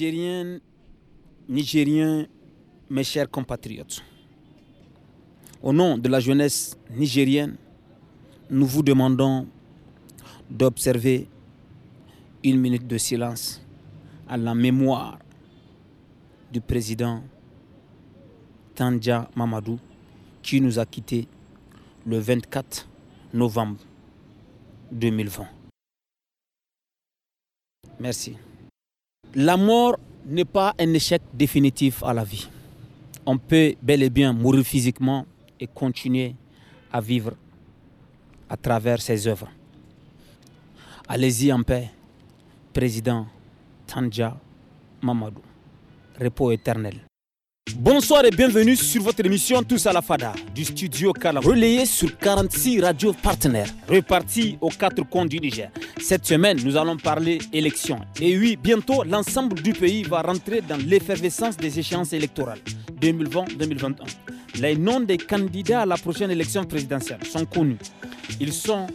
Nigériens, Nigériens, mes chers compatriotes, au nom de la jeunesse nigérienne, nous vous demandons d'observer une minute de silence à la mémoire du président Tandja Mamadou qui nous a quittés le 24 novembre 2020. Merci. La mort n'est pas un échec définitif à la vie. On peut bel et bien mourir physiquement et continuer à vivre à travers ses œuvres. Allez-y en paix, président Tanja Mamadou. Repos éternel. Bonsoir et bienvenue sur votre émission Tous à la Fada du studio Calabre, relayé sur 46 radios partenaires, repartis aux quatre coins du Niger. Cette semaine, nous allons parler élections. Et oui, bientôt, l'ensemble du pays va rentrer dans l'effervescence des échéances électorales 2020-2021. Les noms des candidats à la prochaine élection présidentielle sont connus. Ils sont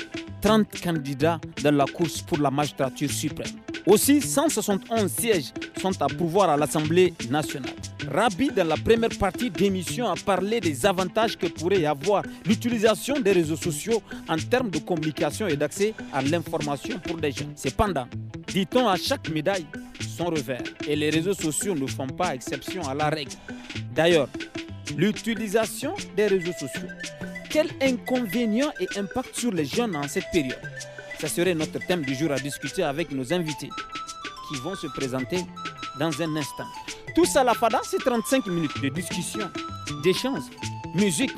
30 candidats dans la course pour la magistrature suprême. Aussi, 171 sièges sont à pouvoir à l'Assemblée nationale. Rabi, dans la première partie d'émission, a parlé des avantages que pourrait y avoir l'utilisation des réseaux sociaux en termes de communication et d'accès à l'information pour des gens. Cependant, dit-on à chaque médaille son revers, et les réseaux sociaux ne font pas exception à la règle. D'ailleurs, l'utilisation des réseaux sociaux quels inconvénient et impact sur les jeunes en cette période Ce serait notre thème du jour à discuter avec nos invités qui vont se présenter dans un instant. Tout ça, la FADA, c'est 35 minutes de discussion, d'échange, musique,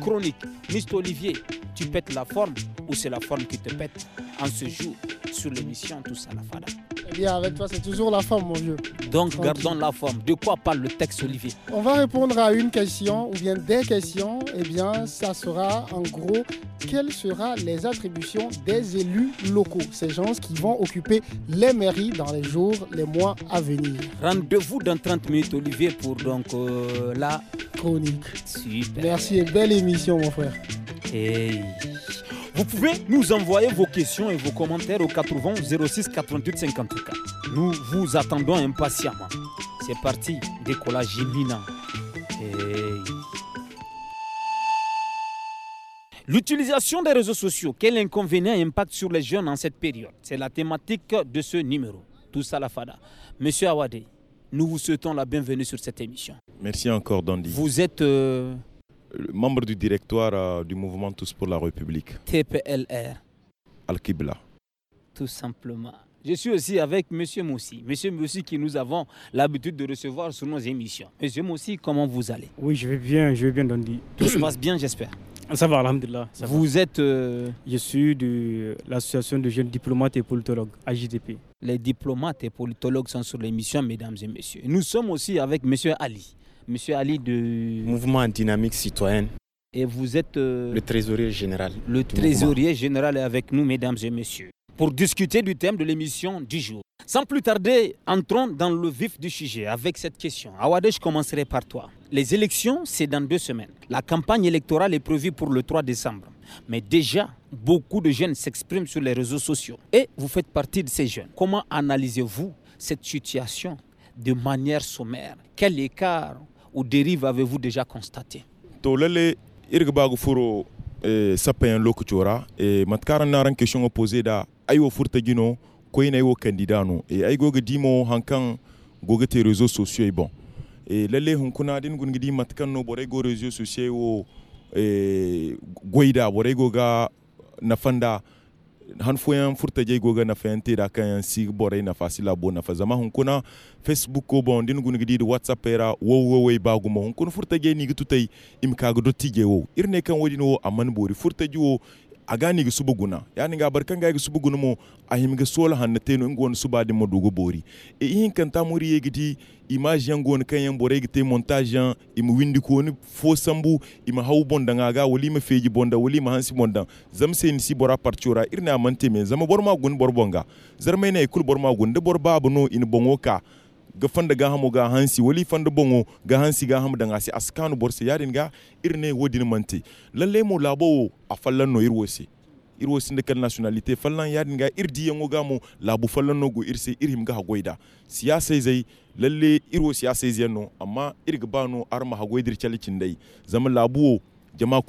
chronique. Mr. Olivier, tu pètes la forme ou c'est la forme qui te pète en ce jour sur l'émission tout à la Fada. Eh bien, avec toi, c'est toujours la forme, mon vieux. Donc, gardons la forme. De quoi parle le texte, Olivier On va répondre à une question ou bien des questions. Eh bien, ça sera en gros quelles seront les attributions des élus locaux, ces gens qui vont occuper les mairies dans les jours, les mois à venir. Rendez-vous dans 30 minutes, Olivier, pour donc euh, la chronique. Super. Merci et belle émission, mon frère. Hey. Vous pouvez nous envoyer vos questions et vos commentaires au 80 06 48 54. Nous vous attendons impatiemment. C'est parti, décollage imminent. L'utilisation des réseaux sociaux, quel inconvénient impact sur les jeunes en cette période C'est la thématique de ce numéro. Tout ça la fada. Monsieur Awadé. nous vous souhaitons la bienvenue sur cette émission. Merci encore, Dandy. Vous êtes euh, membre du directoire euh, du mouvement Tous pour la République. TPLR. Al-Kibla. Tout simplement. Je suis aussi avec M. Moussi. M. Moussi qui nous avons l'habitude de recevoir sur nos émissions. M. Moussi, comment vous allez Oui, je vais bien, je vais bien, Dondi. Tout se passe bien, j'espère. Ça va, Alhamdulillah. vous êtes. Euh, je suis de l'association de jeunes diplomates et politologues, AJDP. Les diplomates et politologues sont sur l'émission, mesdames et messieurs. Nous sommes aussi avec M. Ali. Monsieur Ali de... Mouvement Dynamique Citoyenne. Et vous êtes euh, le trésorier général. Le trésorier général est avec nous, mesdames et messieurs, pour discuter du thème de l'émission du jour. Sans plus tarder, entrons dans le vif du sujet avec cette question. Awade, je commencerai par toi. Les élections, c'est dans deux semaines. La campagne électorale est prévue pour le 3 décembre. Mais déjà, beaucoup de jeunes s'expriment sur les réseaux sociaux. Et vous faites partie de ces jeunes. Comment analysez-vous cette situation de manière sommaire Quel écart ou dérive avez-vous déjà constaté To lalle furo eh, sapayan lokaci wara eh, matkaran na ran question opposé da ayo furta gino ko ina aiwo candidat no e eh, ai goga dimo hankan goga te réseaux sociaux bon e lele hun kuna din gun matkan no bore go réseaux sociaux wo goida bore goga nafanda han foyan furta jey goga na fayante da kan yan bore na fasila bo na fazama hun kuna facebook ko bon din gun gidi whatsapp era wo wo wo hun kun furta jey ni gitu tay wo irne kan wodi no bori furta agani ga subu guna yani ga barkan ga mo a him ga sola suba bori e hin kan ta muri ye gidi image kan montage ko fo sambu bonda nga ga wali bonda wali ma hansi bonda zam si bora partura irna mante me borma bor gun bor bonga gun de bor in bongoka ga fanda ga ga hansi wali fanda bongo ga askanu borse yarin irne wodin mante labo a fallan no irwose de kan nationalité fallan yarin ga irdi yango ga mo labu fallan go irse irhim ga goida siyasa zai lalle zai no amma irga arma ha goidir zaman jama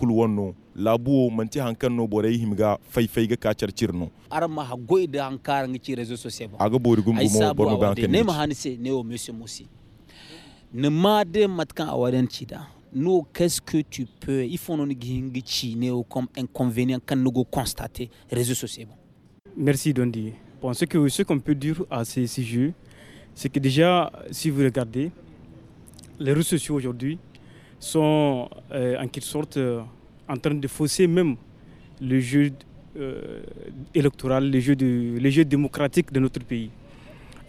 labu manti hankan no bore yi himiga faifai ga kacar cirno ar ma ha goida hankaran ci réseaux sociaux ba aga bori gumbu ne ma hanse ne o monsieur musi ne ma de matkan awaden ci da no qu'est-ce que tu peux il faut non gingi ci ne o comme inconvénient kan no go constater réseaux sociaux merci Dondi bon ce que ce qu'on peut dire à ces sujets c'est que déjà si vous regardez les réseaux sociaux aujourd'hui sont euh, en quelque sorte euh, en train de fausser même le jeu euh, électoral, le jeu, démocratique de notre pays.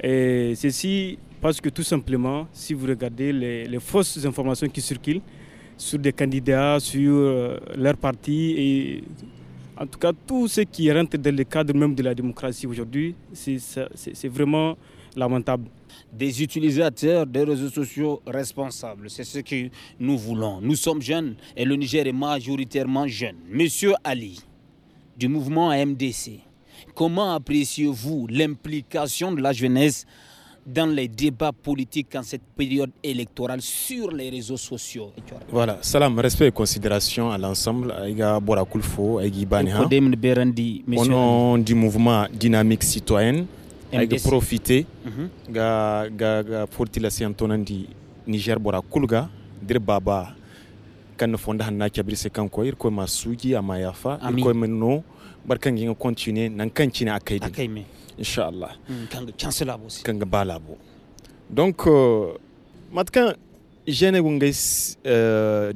Et ceci parce que tout simplement, si vous regardez les, fausses informations qui circulent sur des candidats, sur euh, leur parti, et en tout cas tout ce qui rentre dans le cadre même de la démocratie aujourd'hui, c'est vraiment lamentable des utilisateurs des réseaux sociaux responsables. C'est ce que nous voulons. Nous sommes jeunes et le Niger est majoritairement jeune. Monsieur Ali, du mouvement MDC, comment appréciez-vous l'implication de la jeunesse dans les débats politiques en cette période électorale sur les réseaux sociaux. Voilà, salam, respect et considération à l'ensemble. Au nom du mouvement Dynamique Citoyenne, ayga profité mhm. ga ga ga sian tonandi niger bora kulga dir baba kan fonda hanna kabir se kan ko ir ko Suji ama yafa ir ko menno barka ginga continue nan kan cina akai din akai me insha Allah mm, kan chance labo kan ga donc euh, matkan jene gun euh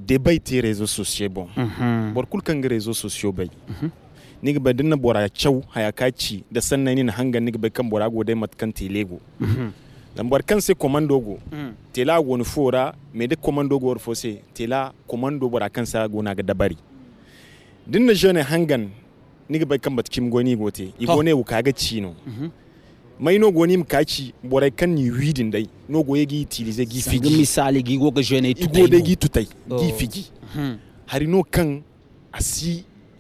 réseaux sociaux bon mhm. bor kul kan réseaux sociaux bay mhm. niga ba dinna bora cew haya kaci da sannan ni na hanga niga ba kan bora go matkan telego dan mhm. bar kan se komando go mhm. tela go fora me de komando go orfo sai tela komando bora kan sa go na ga dabari dinna jone hangan niga ba kan batkim go ni gote i go ne u kaga n'o. Mhm. mai no goni mu kaci bora kan ni widin dai no go gi tilize gi figi Sangu misali gi ga jene tutai go de gi tutai gi oh. gi. hari no kan asi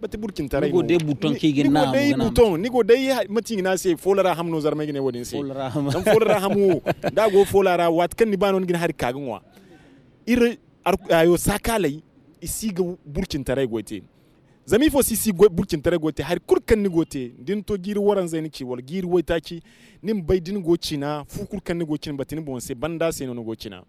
bati burkin tare ko dai buton ke gin na nigo dai buton ko dai matin na sai folara hamno zarma gine wodin sai folara hamu dan folara hamu da go folara wat kan ni banon gin har kagin wa ir ayo sakalai isi ga burkin tare goite zami fo sisi burkin tare goite har kurkan ni goite din to giri waran zaini ci wal giri waita ki nin bai din gocina na fu kurkan ni goci batin bon sai banda sai no goci na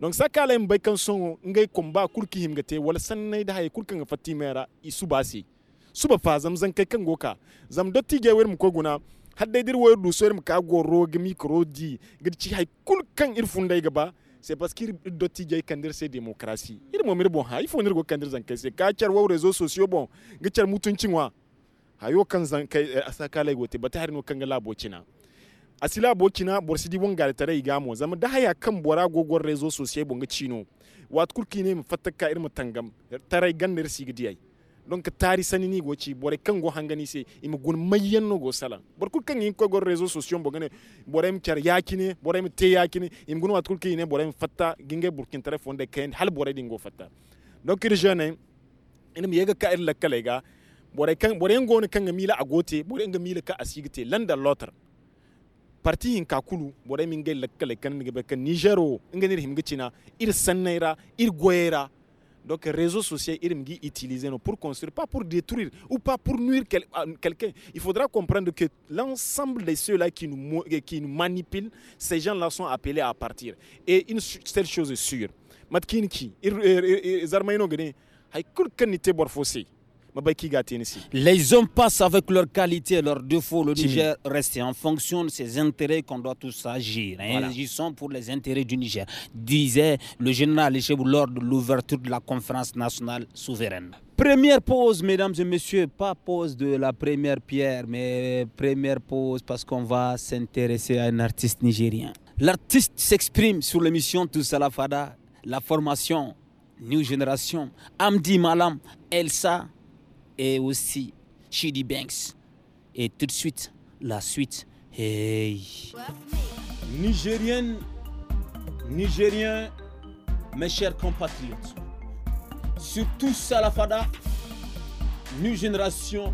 donc saka la mbay kan songo ngay komba kurki himga te wala nay da hay kurkan fatti mera suba si suba fa zam zan kai kan goka zam dotti ge wer mu ko guna hadde dir wer du soyr mu ka go roge micro di ci hay kulkan irfun dai gaba c'est parce qu'il dotti kan kandir c'est démocratie il mo mir bon hay il ndir go kan kandir zan kai c'est ka char wo réseaux sociaux bon char mutuncin wa hayo kan zan kai eh, asaka lai gote bata harin kan ga labocina Asila Bochina, abokina borsi dibon ga tare iga kan rezo sosai bonga wat fataka irin tangam tare gannar sigidi ai donc tari sani ni bore kan hangani se im gun no go sala bor kul kan ko go rezo sosio bo gane bore im kyar yakine bore im te yakine im gun wat ginge burkin Telefon de ken hal bore din go fatta donc yega ka ir la kalega bore kan bore Agoti, ne kan mila agote bore nga ka asigite landa Lotter parti en kakulu bore min gel Nijero, kan ngi be kan nigero ngani him ir ir goyera donc réseaux sociaux ir mgi utiliser no pour construire pas pour détruire ou pas pour nuire quel, quelqu'un il faudra comprendre que l'ensemble de ceux là qui nous eh, qui nous manipulent ces gens là sont appelés à partir et une seule chose est sûre ki ir zarmayno gane hay kul kan ni te bor fossé les hommes passent avec leurs qualités et leurs défauts. Le Niger reste en fonction de ses intérêts qu'on doit tous agir. Agissons pour les intérêts du Niger, disait le général chef lors de l'ouverture de la conférence nationale souveraine. Première pause, mesdames et messieurs, pas pause de la première pierre, mais première pause parce qu'on va s'intéresser à un artiste nigérien. L'artiste s'exprime sur l'émission Tous à la Fada, la formation New Generation, Amdi Malam, Elsa, et aussi Shady Banks. Et tout de suite, la suite. Hey. Nigérienne, Nigérien, mes chers compatriotes, sur surtout Salafada, une génération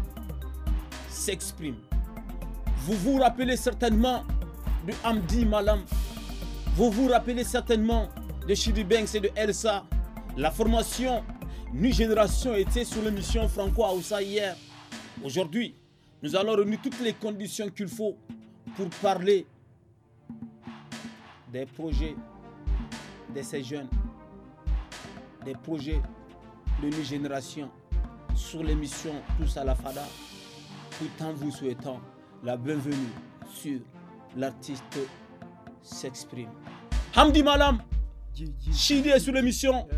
s'exprime. Vous vous rappelez certainement de Hamdi Malam. Vous vous rappelez certainement de Shidi Banks et de Elsa. La formation New Génération était sur l'émission Franco Aoussa hier. Aujourd'hui, nous allons réunir toutes les conditions qu'il faut pour parler des projets de ces jeunes, des projets de New Génération sur l'émission Tous à la Fada, tout en vous souhaitant la bienvenue sur l'artiste s'exprime. Hamdi Malam, Chidi est sur l'émission.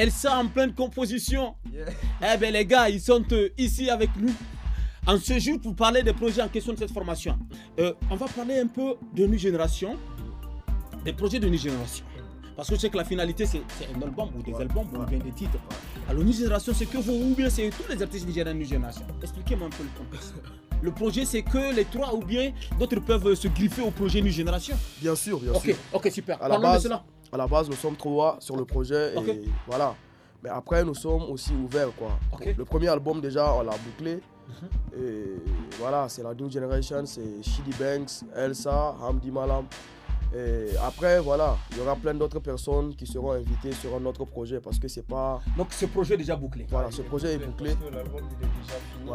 Elle sort en pleine composition. Eh bien, les gars, ils sont euh, ici avec nous en ce jour pour parler des projets en question de cette formation. Euh, on va parler un peu de New Génération, des projets de New Génération. Parce que je sais que la finalité, c'est un album ou des albums ou bien des titres. Alors, New Génération, c'est que vous ou bien c'est tous les artistes nigériens New Génération. Expliquez-moi un peu le contexte. Le projet, c'est que les trois ou bien d'autres peuvent se griffer au projet New Génération. Bien sûr, bien sûr. Ok, super. Alors. Parlons cela à la base, nous sommes trois sur le projet. Et voilà. Mais après, nous sommes aussi ouverts. Quoi. Le premier album, déjà, on l'a bouclé. Mhm. Et voilà, c'est la New Generation, c'est Shidi Banks, Elsa, Hamdi Malam. Et après, voilà, il y aura plein d'autres personnes qui seront invitées sur un autre projet parce que c'est pas. Donc ce projet est déjà bouclé. Voilà, ce projet est bouclé.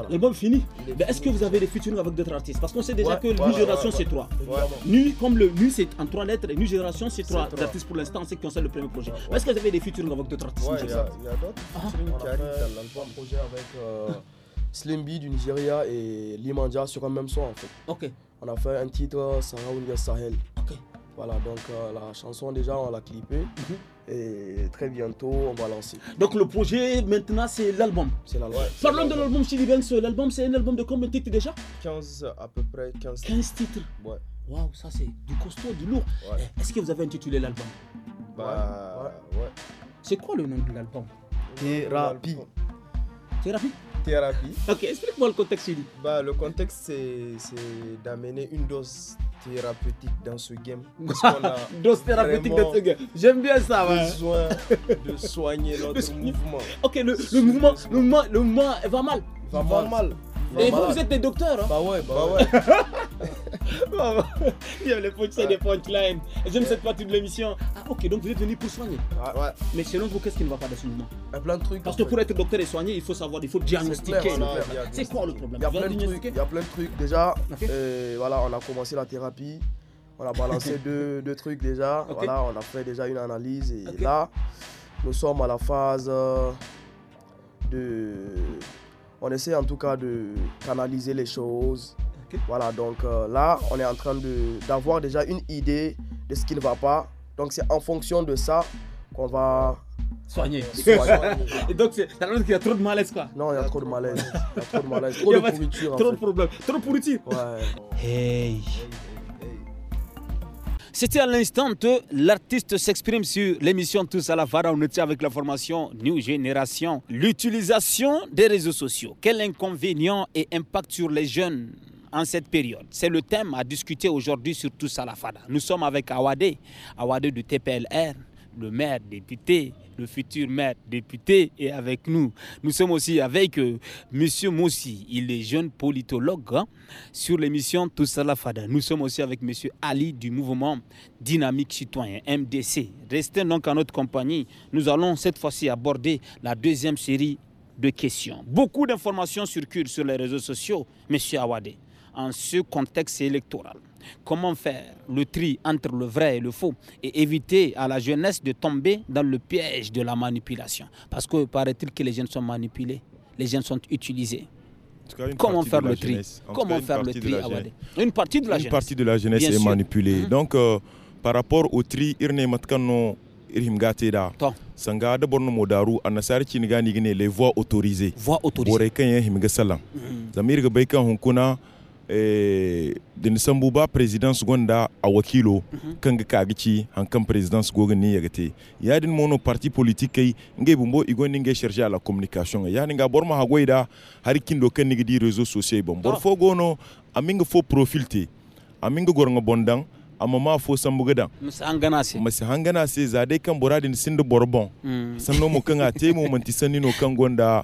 L'album est fini. Mais est-ce que vous avez des futurs avec d'autres artistes Parce qu'on sait déjà que voilà, Génération c'est trois. NU comme le NU c'est en trois lettres, et Génération c'est trois, d'artistes artistes pour l'instant, c'est qui sait le premier projet. Est-ce que vous avez des futurs avec d'autres artistes Il y a, d'autres ah. dans l'album projet avec euh, du Nigeria et Limandja sur un même son en fait. Ok. On a fait un titre euh, Sahel. Voilà, donc euh, la chanson déjà, on l'a clippée. Mhm. Et très bientôt, on va lancer. Donc le projet maintenant, c'est l'album. C'est l'album. Parlons de l'album Chili L'album, c'est un album de combien de titres déjà 15 à peu près. 15, 15 titres. Ouais. Waouh, ça c'est du costaud, du lourd. Est-ce que vous avez intitulé l'album Bah ouais. ouais. C'est quoi le nom de l'album Thérapie. Thérapie Thérapie. Ok, explique-moi le contexte, Chili. Bah, le contexte, c'est d'amener une dose thérapeutique dans ce game. Dose thérapeutique dans ce game. J'aime bien ça. besoin de soigner notre mouvement. Ok, le, le mouvement, le mouvement, le mouvement va mal. Va, va mal. Et vous, vous êtes des docteurs. Hein. Bah ouais, bah, bah, bah ouais. Il y a les punchlines, J'aime cette partie de l'émission. Ah ok, donc vous êtes venu pour soigner. Ouais. ouais. Mais selon vous, qu'est-ce qui ne va pas dans ce Il y a plein de trucs. Parce que pour être docteur et soigner, il faut savoir, il faut diagnostiquer. C'est quoi le problème Il y a plein de trucs. Il y a plein de trucs déjà. Euh, voilà, on a commencé la thérapie. On a balancé deux, deux, trucs déjà. Voilà, on a fait déjà une analyse. Et là, nous sommes à la phase euh, de on essaie en tout cas de canaliser les choses. Voilà, donc euh, là, on est en train d'avoir déjà une idée de ce qui ne va pas. Donc c'est en fonction de ça qu'on va soigner. Et donc, ça veut dire qu'il y a trop de malaise, quoi. Non, il y a trop de malaise. trop de malaise. Trop de pourriture. Trop de problèmes. Trop de pourriture. Ouais. Hey. C'était à l'instant que l'artiste s'exprime sur l'émission Tous à la Fada On était avec la formation New Génération. L'utilisation des réseaux sociaux, quel inconvénient et impact sur les jeunes en cette période. C'est le thème à discuter aujourd'hui sur Tous à la Fada. Nous sommes avec Awade, Awade du TPLR, le maire député, le futur maire député est avec nous. Nous sommes aussi avec M. Euh, Monsieur Moussi, il est jeune politologue hein, sur l'émission Tout Fada. Nous sommes aussi avec M. Ali du mouvement Dynamique Citoyen, MDC. Restez donc en notre compagnie. Nous allons cette fois-ci aborder la deuxième série de questions. Beaucoup d'informations circulent sur les réseaux sociaux, M. Awadé en ce contexte électoral. Comment faire le tri entre le vrai et le faux et éviter à la jeunesse de tomber dans le piège de la manipulation Parce que paraît-il que les jeunes sont manipulés, les jeunes sont utilisés. Comment faire le tri Comment faire le tri Une partie de la jeunesse. Une partie de la jeunesse est manipulée. Mm-hmm. Donc, euh, par rapport au tri, irne matkano Sanga modaru anasari les voix autorisées. Voix autorisées. Eh, denisan buba president gwanda a wakilo kan ga kagici gogoni presidans il ni yagate yadin mono parti politique kai ngai bumbo igoni ngai chercher la communication yani ga borma goida har kindo kan ni di réseaux sociaux bon ah. bor fo gono aminga fo profil te aminga nga bondan amma ma fo san bugadan musu hangana se musu hangana se zadai kan boradin sindu borbon mm. sanno mo kan te mo manti sanino kan gonda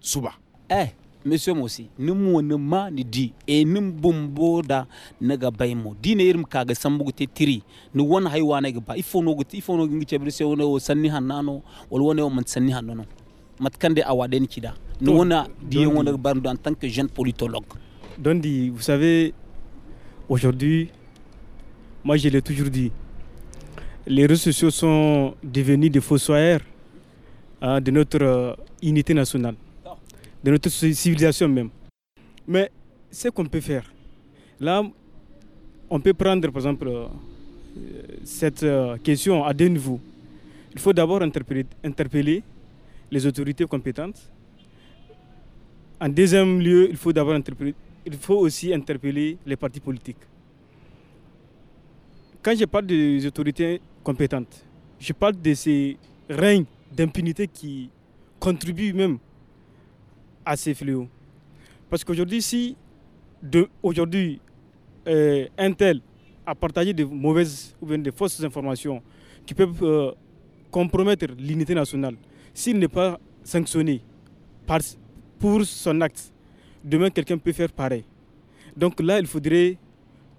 suba eh monsieur mosi nous, ni di dine kaga Nous won ifo no ifo no ngi wono wono mat kande wona di en tant que jeune politologue Dondi, vous savez aujourd'hui moi je l'ai toujours dit les ressources sont devenus des fossoyeurs hein, de notre euh, unité nationale de notre civilisation même. Mais ce qu'on peut faire, là, on peut prendre par exemple euh, cette euh, question à deux niveaux. Il faut d'abord interpeller, les autorités compétentes. En deuxième lieu, il faut d'abord il faut aussi interpeller les partis politiques. Quand je parle des autorités compétentes, je parle de ces règnes d'impunité qui contribuent même à ces fléaux. Parce qu'aujourd'hui, si aujourd'hui euh, un tel a partagé de mauvaises ou bien de fausses informations qui peuvent euh, compromettre l'unité nationale, s'il n'est pas sanctionné pour son acte, demain quelqu'un peut faire pareil. Donc là, il faudrait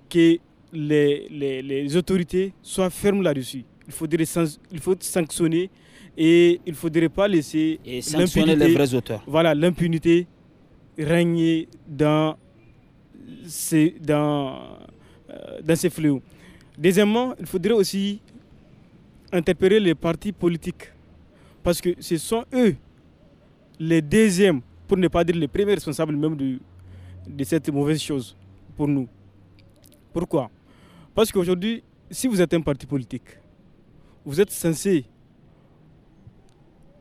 que les, autorités soient fermes là-dessus. Il faudrait il faut sanctionner et il ne faudrait pas laisser les auteurs. Voilà, l'impunité régner dans ces, euh, dans, ces fléaux. Deuxièmement, il faudrait aussi interpeller les partis politiques parce que ce sont eux les deuxièmes, pour ne pas dire les premiers responsables même de, de cette mauvaise chose pour nous. Pourquoi Parce qu'aujourd'hui, si vous êtes un parti politique, vous êtes censé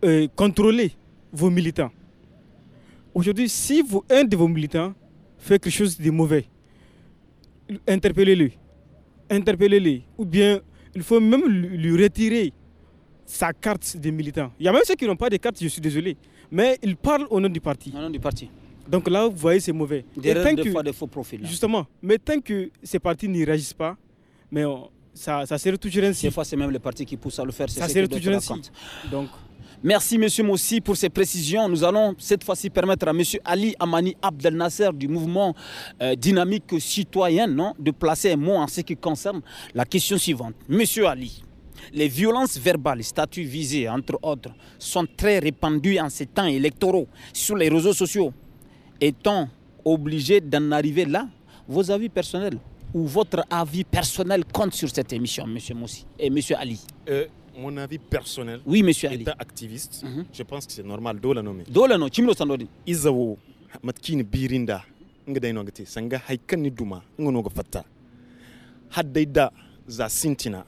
euh, contrôler vos militants. Aujourd'hui, si vous, un de vos militants fait quelque chose de mauvais, interpellez-le. Interpellez-le. Ou bien, il faut même lui retirer sa carte de militant. Il y a même ceux qui n'ont pas de carte, je suis désolé. Mais ils parlent au nom du parti. Au nom du parti. Donc là, vous voyez, c'est mauvais. Des, faux profils. Justement. Mais tant que ces partis n'y réagissent pas, mais ça, sert toujours ainsi. Des fois, c'est même le parti qui pousse à le faire. Ça sert toujours ainsi. Donc. Merci Monsieur Mossi pour ces précisions. Nous allons cette fois-ci permettre à Monsieur Ali Amani Abdel Nasser du mouvement euh, dynamique citoyen de placer un mot en ce qui concerne la question suivante. Monsieur Ali, les violences verbales, statuts visés entre autres, sont très répandues en ces temps électoraux sur les réseaux sociaux. Est-on obligé d'en arriver là Vos avis personnels ou votre avis personnel compte sur cette émission, Monsieur Mossi et Monsieur Ali. Euh, mon avis personnel, oui, monsieur Ali. étant activiste, mhm. je pense que c'est normal. Dola nomi. Dola no, chimlo sandodi. Izawo, matkin birinda, nga sanga duma, nga noga fatta. zasintina za sintina,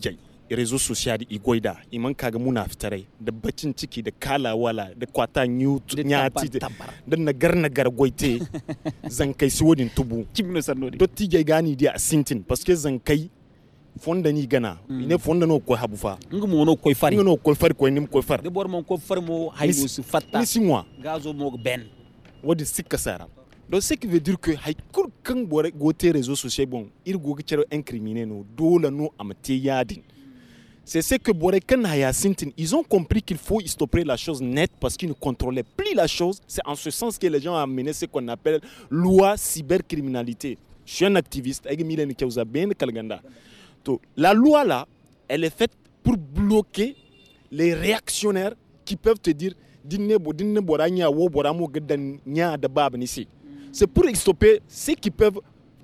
jai, réseau social Iguida, goida, i man kaga muna fitarai, da kala ciki, da kalawala, da kwata nyutu, nyati, da nagar nagar goite, zankai tubu. Chimlo sandodi. Dotti jai gani dia sintin, parce que zankai, fonda ni gana mm. ine fonda no ko habufa ngumu wono ko fari no ko fari ko nim ko fari de bor mon ko fari mo haybo su fatta ni sinwa gazo mo ben wodi sikka sara do ce qui veut dire que hay kur kan go gote réseaux sociaux bon ir go gichero incriminé no la no amate yadin c'est ce que Borekan Hayasintin, ils ont compris qu'il faut stopper la chose nette parce qu'ils ne contrôlaient plus la chose. C'est en ce sens que les gens ont amené ce qu'on appelle loi cybercriminalité. Je suis un activiste, avec Milène Kiaouza Ben Kalganda la loi là, elle est faite pour bloquer les réactionnaires qui peuvent te dire c'est pour stopper ceux qui peuvent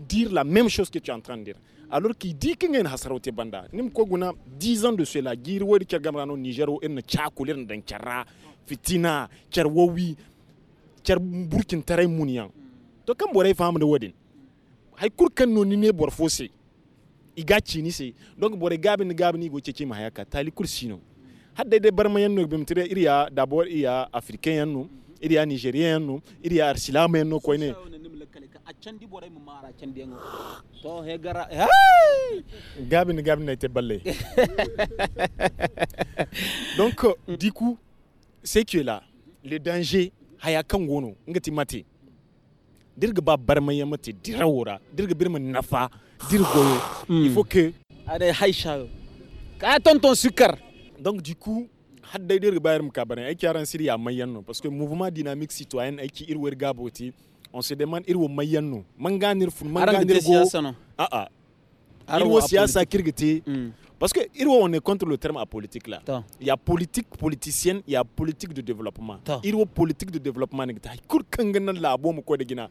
dire la même chose que tu es en train de dire. Alors qu'il dit qu'il y a une banda. Nim koguna 10 ans de cela, girwori chagamrano Nigero en chakulir ndanchara, fitina, charwawi, char burkin taray muniyan. To kan en fam de Hay kur ni ne iga chini se donc bore gabi ni go cece ma hayaka tali kursino hadda de barma yanno bim tire iria dabor iria africain yanno iria nigerien yanno iria arsilama yanno ko ne a candi bore mu mara candi to he gara na te balle donc du coup c'est que là le danger hayakan gono ngati mate dirga ba barma yamate dirawura dirga birma nafa dire Goyo. Mm. Il faut que. Allez, Haïcha. Attends ton sucre. Donc, du coup, haddai dir bayar mu kabane aiki yaran siri a parce que mouvement dynamique citoyen aiki irwer gaboti on se demande irwo mayan no man ganir fun man go Ah ah. irwo siyasa kirgiti hmm. parce que irwo on est contre le terme apolitique là il y a politique politicienne il y a politique de développement irwo politique de développement ne ta kur kangana la mu ko de gina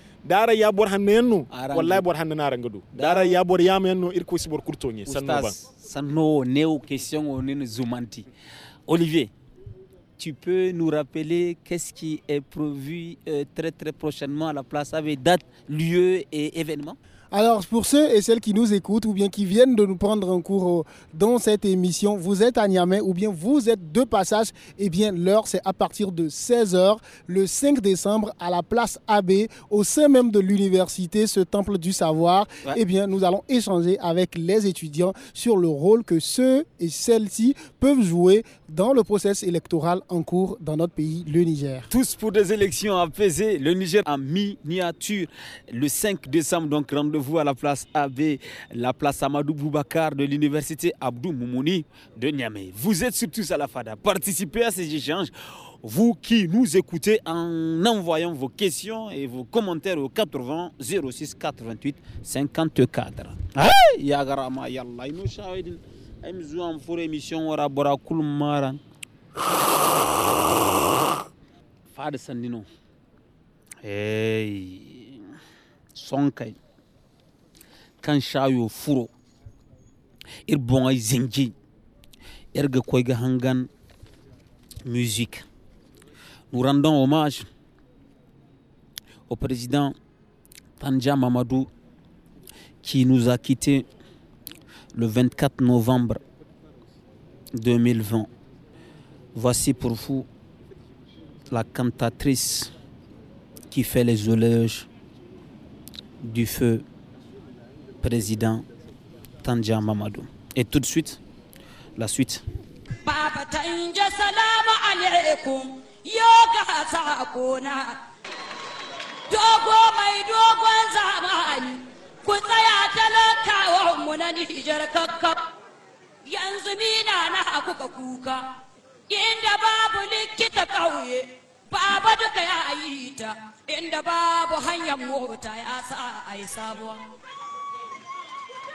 dara ya bor hanne yanno wallahi bor hanne naranga du dara ya bor yama yanno irko sibor bor kurtoñe sanno ban sanno neo question on nen zumanti olivier tu peux nous rappeler qu'est-ce qui est prévu euh, très très prochainement à la place avec date lieu et événement alors pour ceux et celles qui nous écoutent ou bien qui viennent de nous prendre un cours euh, dans cette émission, vous êtes à Niamey ou bien vous êtes de passage, eh bien l'heure c'est à partir de 16h le 5 décembre à la place AB au sein même de l'université, ce temple du savoir. eh bien nous allons échanger avec les étudiants sur le rôle que ceux et celles-ci peuvent jouer dans le processus électoral en cours dans notre pays, le Niger. Tous pour des élections apaisées, le Niger en miniature le 5 décembre donc rendez-vous vous à la place AB, la place Amadou Boubacar de l'université Abdou Moumouni de Niamey. Vous êtes surtout à la FADA. Participez à ces échanges. Vous qui nous écoutez en envoyant vos questions et vos commentaires au 80 06 88 54. hey furo hangan musique nous rendons hommage au président Tanja Mamadou qui nous a quittés le 24 novembre 2020. Voici pour vous la cantatrice qui fait les éloges du feu président Tandja Mamadou. Et tout de suite, la suite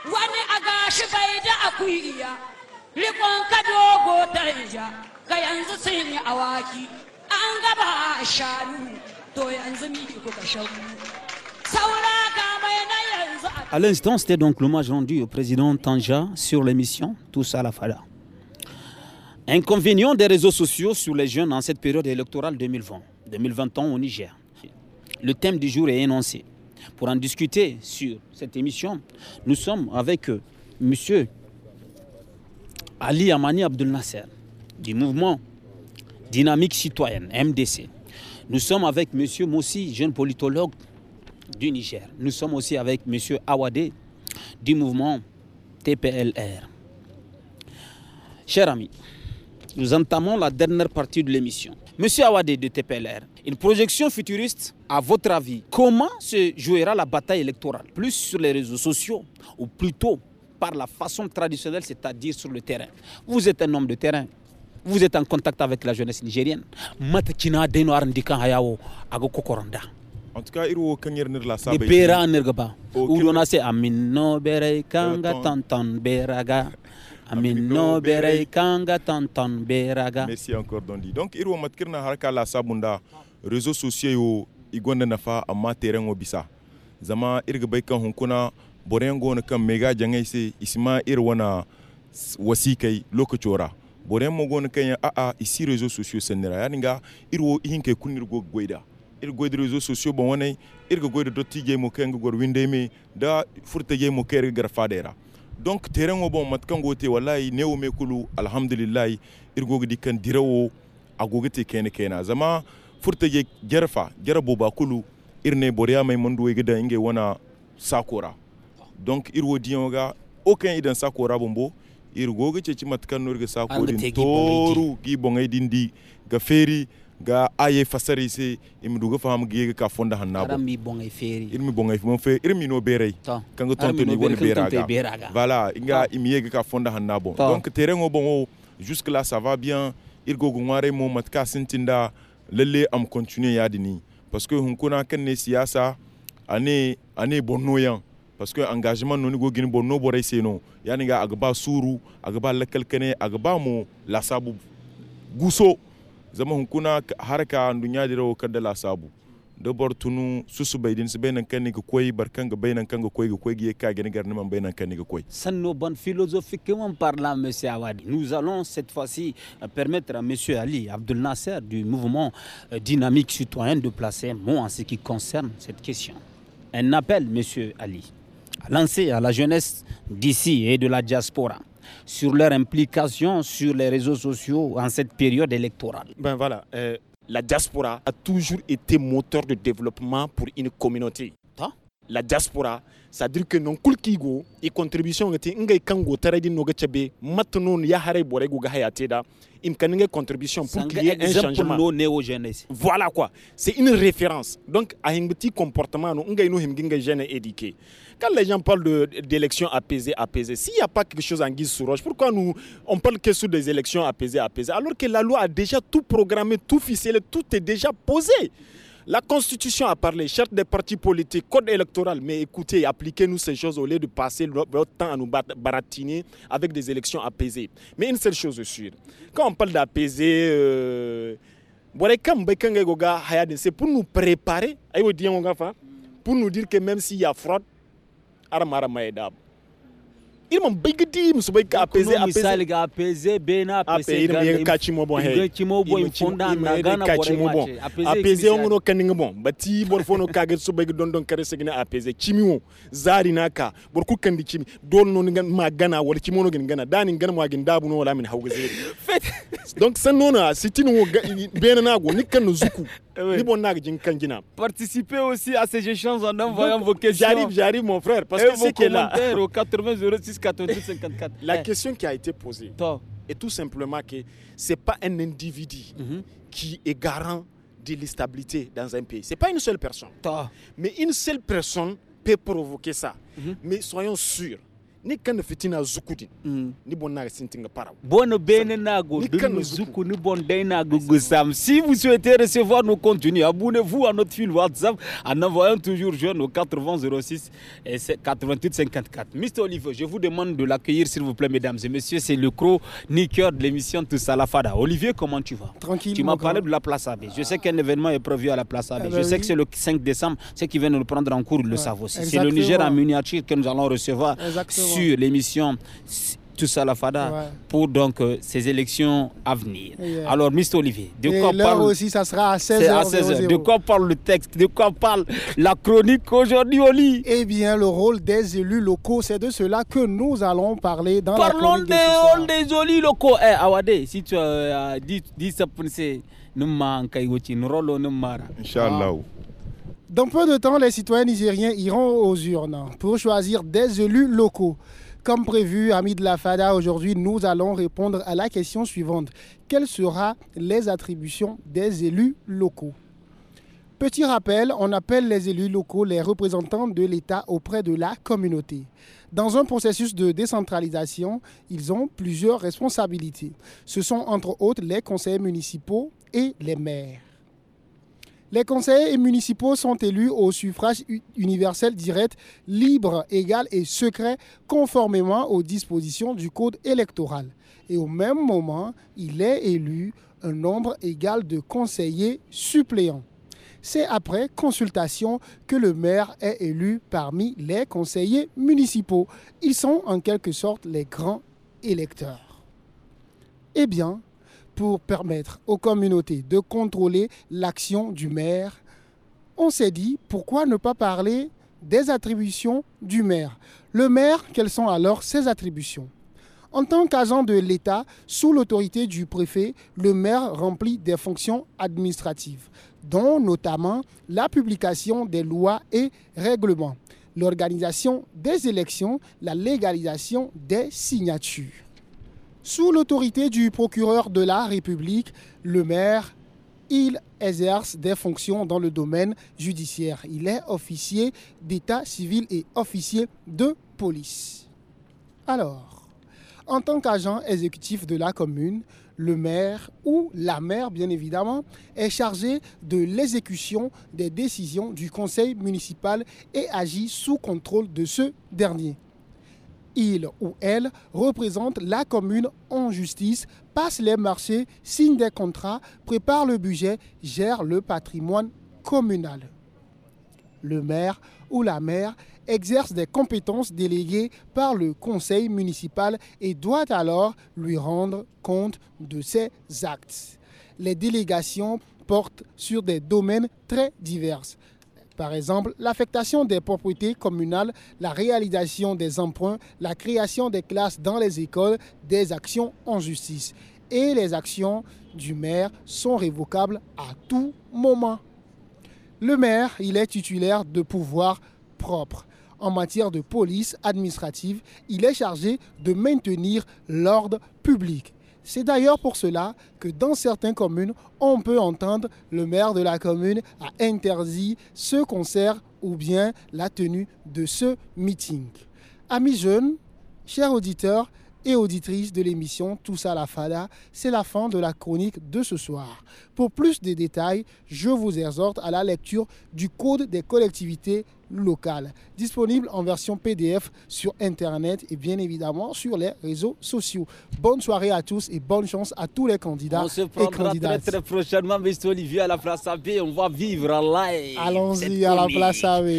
a À l'instant, c'était donc l'hommage rendu au président Tanja sur l'émission Tous à la Fada. Inconvénient des réseaux sociaux sur les jeunes en cette période électorale 2020, 2021 au Niger. Le thème du jour est énoncé pour en discuter sur cette émission, nous sommes avec euh, M. Ali Amani Abdel Nasser du mouvement Dynamique Citoyenne, MDC. Nous sommes avec M. Moussi, jeune politologue du Niger. Nous sommes aussi avec M. Awadé du mouvement TPLR. Chers amis, nous entamons la dernière partie de l'émission. Monsieur Awadé de TPLR, une projection futuriste, à votre avis, comment se jouera la bataille électorale Plus sur les réseaux sociaux ou plutôt par la façon traditionnelle, c'est-à-dire sur le terrain Vous êtes un homme de terrain. Vous êtes en contact avec la jeunesse nigérienne. En tout cas, il amen no kanga tantan beraga merci encore dondi donc irwo matkirna harka la sabunda réseaux sociaux yo nafa amma terrain bisa zama irga kan hunkuna borengo gona kan mega jangai se isma wasikai lokotora boren mo gon kan a a isi réseaux sociaux senera yaninga irwo ihinke kunirgo go goida ir réseaux sociaux bon wanai irga goida dotti mo gor da furta je mo ker donc terrain o bon matkan gote wallahi ne me kulu alhamdulillahi irgogdi kan dirawo agogete kene kena zama furta je jarfa jarabo ba kulu irne boriya mai mandu gida inge wana sakora donc irwo diyan okan idan sakora bombo irgogece ci matkan nurga sakorin toru gi bongai dindi ga feri ga aye fasari se imdugo e faham giye ka fonda hanna bo irmi bonga e feri irmi bonga e feri mon fe irmi no berei kango tonto ni woni beraga voilà inga imiye ka fonda hanna bo donc terrain o bon jusque là ça va bien irgo gungware mo matka sintinda lele am continuer yadini parce que hun kuna ne siyasa ane ane bonno yan parce que engagement noni go gini bonno borai seno yani ga agba suru agba lakalkane agba mo lasabu guso zama hunkuna harka dunya dirawo kadala sabu da bortunu susu bai din su bainan kan ni ga koyi barkan ga bainan kan ga koy ga koyi ka gani garni man bainan kan ni ga koyi sanno ban philosophiquement parlant monsieur Awadi nous allons cette fois-ci euh, permettre à monsieur Ali Abdul Nasser du mouvement euh, dynamique citoyen de placer un mot en ce qui concerne cette question un appel monsieur Ali lancé à la jeunesse d'ici et de la diaspora sur leur implication sur les réseaux sociaux en cette période électorale. Ben voilà, euh, la diaspora a toujours été moteur de développement pour une communauté. La diaspora c'est-à-dire que non kulkigo et contribution ngati ngai kango taradi no gachabe matnon ya hare bore go gahayate da contribution pour qu'il y ait un changement no néo jeunesse voilà quoi c'est une référence donc a petit comportement no ngai no himginga jeune éduqué quand les gens parlent d'élections apaisées apaisées s'il n'y a pas quelque chose en guise sous roche pourquoi nous on parle que sur des élections apaisées apaisées alors que la loi a déjà tout programmé tout ficelé tout est déjà posé la Constitution a parlé, charte des partis politiques, code électoral, mais écoutez, appliquez-nous ces choses au lieu de passer notre temps à nous baratiner avec des élections apaisées. Mais une seule chose est sûre, quand on parle d'apaiser... Euh, c'est pour nous préparer, hein, pour nous dire que même s'il y a fraude, armara Maedab irin bai gidi musu bai ka apeze apeze misali ga apeze bena apeze ga apeze ka chimo bon bon in na gana bon apeze on no bon bati fono kage, ga su don don kare sigina apeze chimiwo zari naka bor ku chimi don non, ngan ma gana wala chimo no gana dani gana ma dabu no wala min hawga zeri donc san nona sitinu bena nago nikkan zuku eh Participez aussi à ces échanges en envoyant vos questions. J'arrive, j'arrive, mon frère, parce que c'est La eh. question qui a été posée est tout simplement que c'est pas un individu mhm. qui est garant de l'instabilité dans un pays. C'est pas une seule personne. Mais une seule personne peut provoquer ça. Mhm. Mais soyons sûrs Mm. si vous souhaitez recevoir nos contenus abonnez-vous à notre fil WhatsApp en envoyant toujours jeune au 80 06 et 88 54 Mr Olive je vous demande de l'accueillir s'il vous plaît mesdames et messieurs c'est le niqueur de l'émission Tout à Olivier comment tu vas tranquille tu m'as parlé de la place AB je sais qu'un événement est prévu à la place AB ah je bah sais que c'est le 5 décembre ceux qui viennent nous prendre en cours le savent c'est le Niger en miniature que nous allons recevoir Exactement sur l'émission tout ça la fada pour donc euh, ces élections à venir. Alors, Mr. Olivier, de quoi parle aussi, ça sera à 16h. de quoi parle le texte De quoi parle la chronique aujourd'hui au lit Eh bien, le rôle des élus locaux, c'est de cela que nous allons parler dans la chronique. Parlons rôles des élus locaux. Eh, Awadé, si tu as euh, dit, ça, pour nous manquons, nous rôle, nous mara. Inch'Allah. Dans peu de temps, les citoyens nigériens iront aux urnes pour choisir des élus locaux. Comme prévu, amis de la FADA, aujourd'hui, nous allons répondre à la question suivante. Quelles seront les attributions des élus locaux Petit rappel, on appelle les élus locaux les représentants de l'État auprès de la communauté. Dans un processus de décentralisation, ils ont plusieurs responsabilités. Ce sont entre autres les conseils municipaux et les maires. Les conseillers municipaux sont élus au suffrage universel direct, libre, égal et secret, conformément aux dispositions du Code électoral. Et au même moment, il est élu un nombre égal de conseillers suppléants. C'est après consultation que le maire est élu parmi les conseillers municipaux. Ils sont en quelque sorte les grands électeurs. Eh bien, pour permettre aux communautés de contrôler l'action du maire, on s'est dit pourquoi ne pas parler des attributions du maire. Le maire, quelles sont alors ses attributions En tant qu'agent de l'État, sous l'autorité du préfet, le maire remplit des fonctions administratives, dont notamment la publication des lois et règlements, l'organisation des élections, la légalisation des signatures. Sous l'autorité du procureur de la République, le maire, il exerce des fonctions dans le domaine judiciaire. Il est officier d'état civil et officier de police. Alors, en tant qu'agent exécutif de la commune, le maire ou la maire, bien évidemment, est chargé de l'exécution des décisions du conseil municipal et agit sous contrôle de ce dernier il ou elle représente la commune en justice, passe les marchés, signe des contrats, prépare le budget, gère le patrimoine communal. Le maire ou la maire exerce des compétences déléguées par le conseil municipal et doit alors lui rendre compte de ses actes. Les délégations portent sur des domaines très divers par exemple, l'affectation des propriétés communales, la réalisation des emprunts, la création des classes dans les écoles, des actions en justice. Et les actions du maire sont révocables à tout moment. Le maire, il est titulaire de pouvoirs propres. En matière de police administrative, il est chargé de maintenir l'ordre public. C'est d'ailleurs pour cela que dans certaines communes, on peut entendre le maire de la commune a interdit ce concert ou bien la tenue de ce meeting. Amis jeunes, chers auditeurs, et auditrice de l'émission Tous à la Fada. C'est la fin de la chronique de ce soir. Pour plus de détails, je vous exhorte à la lecture du Code des collectivités locales, disponible en version PDF sur Internet et bien évidemment sur les réseaux sociaux. Bonne soirée à tous et bonne chance à tous les candidats on se et Très, prochainement, Monsieur Olivier, à la place AB, on va vivre en live. Allons-y à la place AB.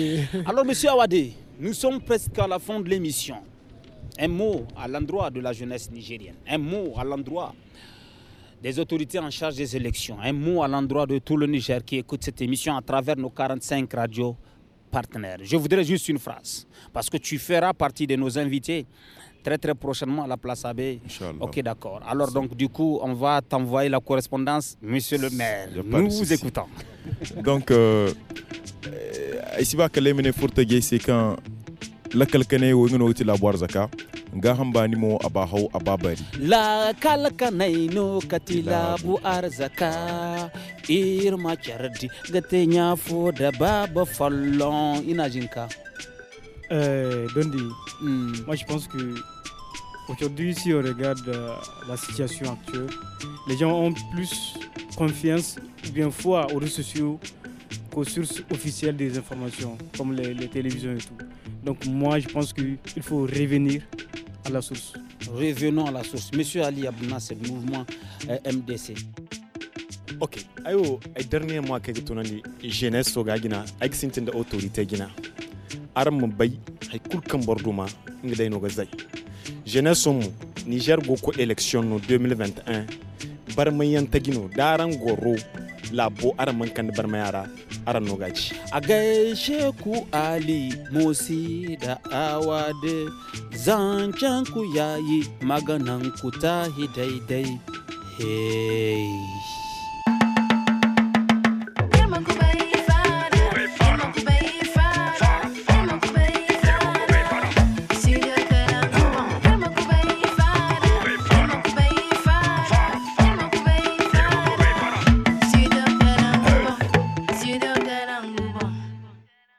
Alors, Monsieur Awadé, nous sommes presque à la fin de l'émission un mot à l'endroit de la jeunesse nigérienne, un mot à l'endroit des autorités en charge des élections, un mot à l'endroit de tout le Niger qui écoute cette émission à travers nos 45 radios partenaires. Je voudrais juste une phrase, parce que tu feras partie de nos invités très très prochainement à la place AB. Ok, d'accord. Alors donc du coup, on va t'envoyer la correspondance, monsieur le maire. Nous vous écoutons. donc, ici, euh, euh c'est quand lakalkanai wo ngano la labuwar zaka nga hamba ni mo aba hau aba bari la kalkanai no kati labuwar zaka irma chardi gate nya fo da baba fallon ina jinka euh dondi hmm. moi je pense que Aujourd'hui, si on regarde euh, la situation actuelle, les gens ont plus confiance ou bien foi aux réseaux sociaux qu'aux sources officielles des informations, comme les, les télévisions et tout. Donc moi, je pense qu'il faut revenir à la source. Revenons à la source. Monsieur Ali Abouna, c'est le mouvement euh, MDC. ok ayo mois que mois kay tunani jeunesse au gagina ay sintin da autorité gina aram mun bai hay kulkan borduma inga dai no gazai jeunesse au niger go ko election 2021 bar mayan tagino daran goro labo aram man kan bar aran nogaci a gaishe ku ali musi da awade zancen ku yayi maganan ku tahi daidai hey.